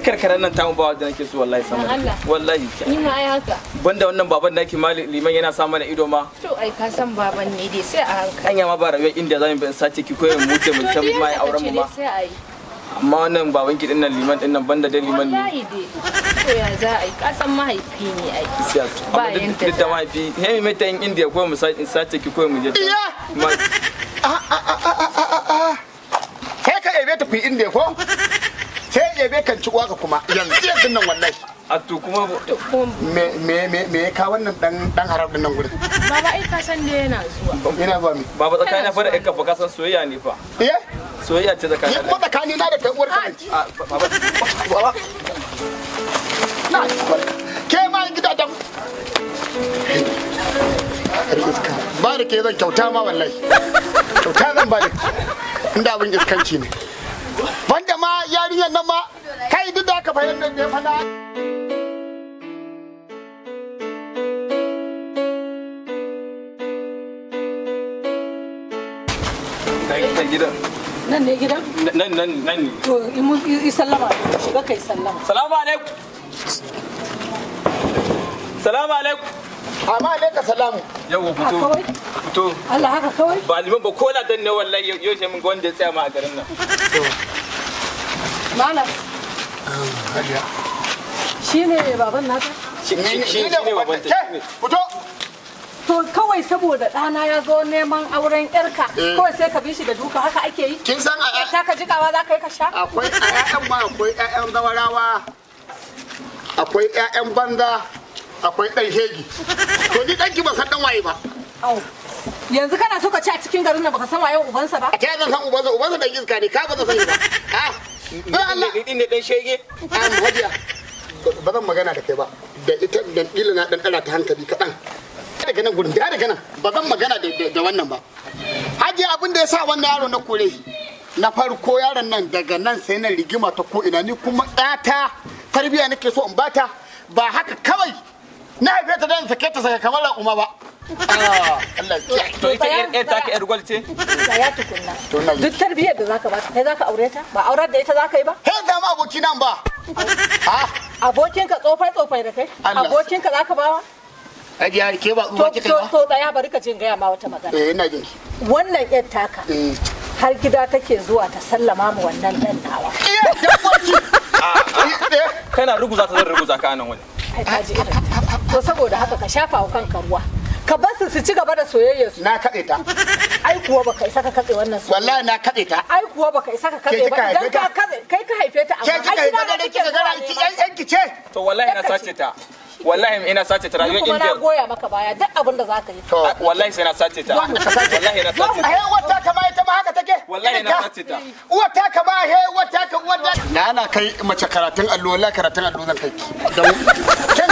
duk karan nan tamu ba da nake so wallahi sama wallahi ni ma ai haka banda wannan baban nake ma liman yana sa mana ido ma to ai ka san baban ne dai sai a hankali anya ma ba rayuwar inda zamu bin sace ki koyar mu ce mu san ma ai auren mu ma amma wannan baban ki dinnan liman dinnan banda da liman ne wallahi dai to ya za ai ka san mahaifi ne ai sai to amma duk da mahaifi he mai ta yin inda koyar mu sace ki koyar mu je ma a a a a a a a a a a a a a a a a bai kan ci uwa kuma yanzu yanzu nan wallahi a to kuma me me me me ka wannan dan dan harab din nan gurin baba ai ka san da yana zuwa ina ba mi baba tsakanin fa da ka baka san soyayya ne fa eh soyayya ce tsakanin ni kuma tsakanin na da kai uwar ka baba baba na ke ma gida dan ba da ke zan kyauta ma wallahi kyauta zan ba da inda abin iskanci ne banda ma yarinyar nan ma ai duk da aka fahimtar ne fa na gidan nan ne gidan nan nan nan ne to yi sallama shiga kai sallama salamu alaikum salamu alaikum amma alaika salamu yawa fito fito Allah haka kawai ba liman ba ko ladan ne wallahi yau ce mun ga wanda ya tsaya ma a garin nan malam hajiya shi ne baban nata shi ne baban ta fito to kawai saboda ɗana ya zo neman auren yarka eh. kawai sai ka bi shi da duka haka ake yi kin san a ta ka jikawa za ka yi ka sha akwai ƴaƴan ma akwai ƴaƴan zawarawa akwai ƴaƴan banza akwai ɗan shegi to ni ɗanki ba san ɗan waye ba yanzu kana so ka ci a cikin garin nan baka san waye ubansa ba a ta zan san ubansa ubansa ɗan iska ne ka ba zan san ba ah. ne dan shege ba zan magana da kai ba da ita da kila na dan ɗara ta hankali kaɗan daga nan gurin da daga nan ba zan magana da wannan ba hajiya abin da ya sa wannan yaro na kore na farko yaron nan daga nan sai na rigima ta ko ina ni kuma ɗata tarbiya nake so in bata ba haka kawai na haife ta dan sake ta saka kamar raƙuma ba to ita duk tarbiyyar da zaka ba kai aure ta ba aurar da ita yi ba ka tsofai tsofai da kai ka ke ba uwa kika ba. To bari ka jin gaya ma wata magana. Eh ina jin Wannan yar taka. Eh. Har gida take zuwa ta sallama mu wannan dan nawa. Eh, eh, Kana ruguza ta zan ruguza ka nan wani. ka To saboda haka ka shafa wa kanka ruwa. ka bar su su ci gaba da soyayyar su na kaɗe ta ai kuwa baka isa ka katse wannan su wallahi na kaɗe ta ai kuwa baka isa ka katse ba dan ka katse kai ka haife ta amma ai kina da kike gara ki yan ki ce to wallahi na sace ta wallahi ina sace ta rayuwar indiya kuma na goya maka baya duk abin da zaka yi wallahi sai na sace ta wallahi na sace ta ai wata kama ta ma haka take wallahi na sace ta uwa ta ba he wata ka kama uwar na na kai mace karatun allo wallahi karatun allo zan kai ki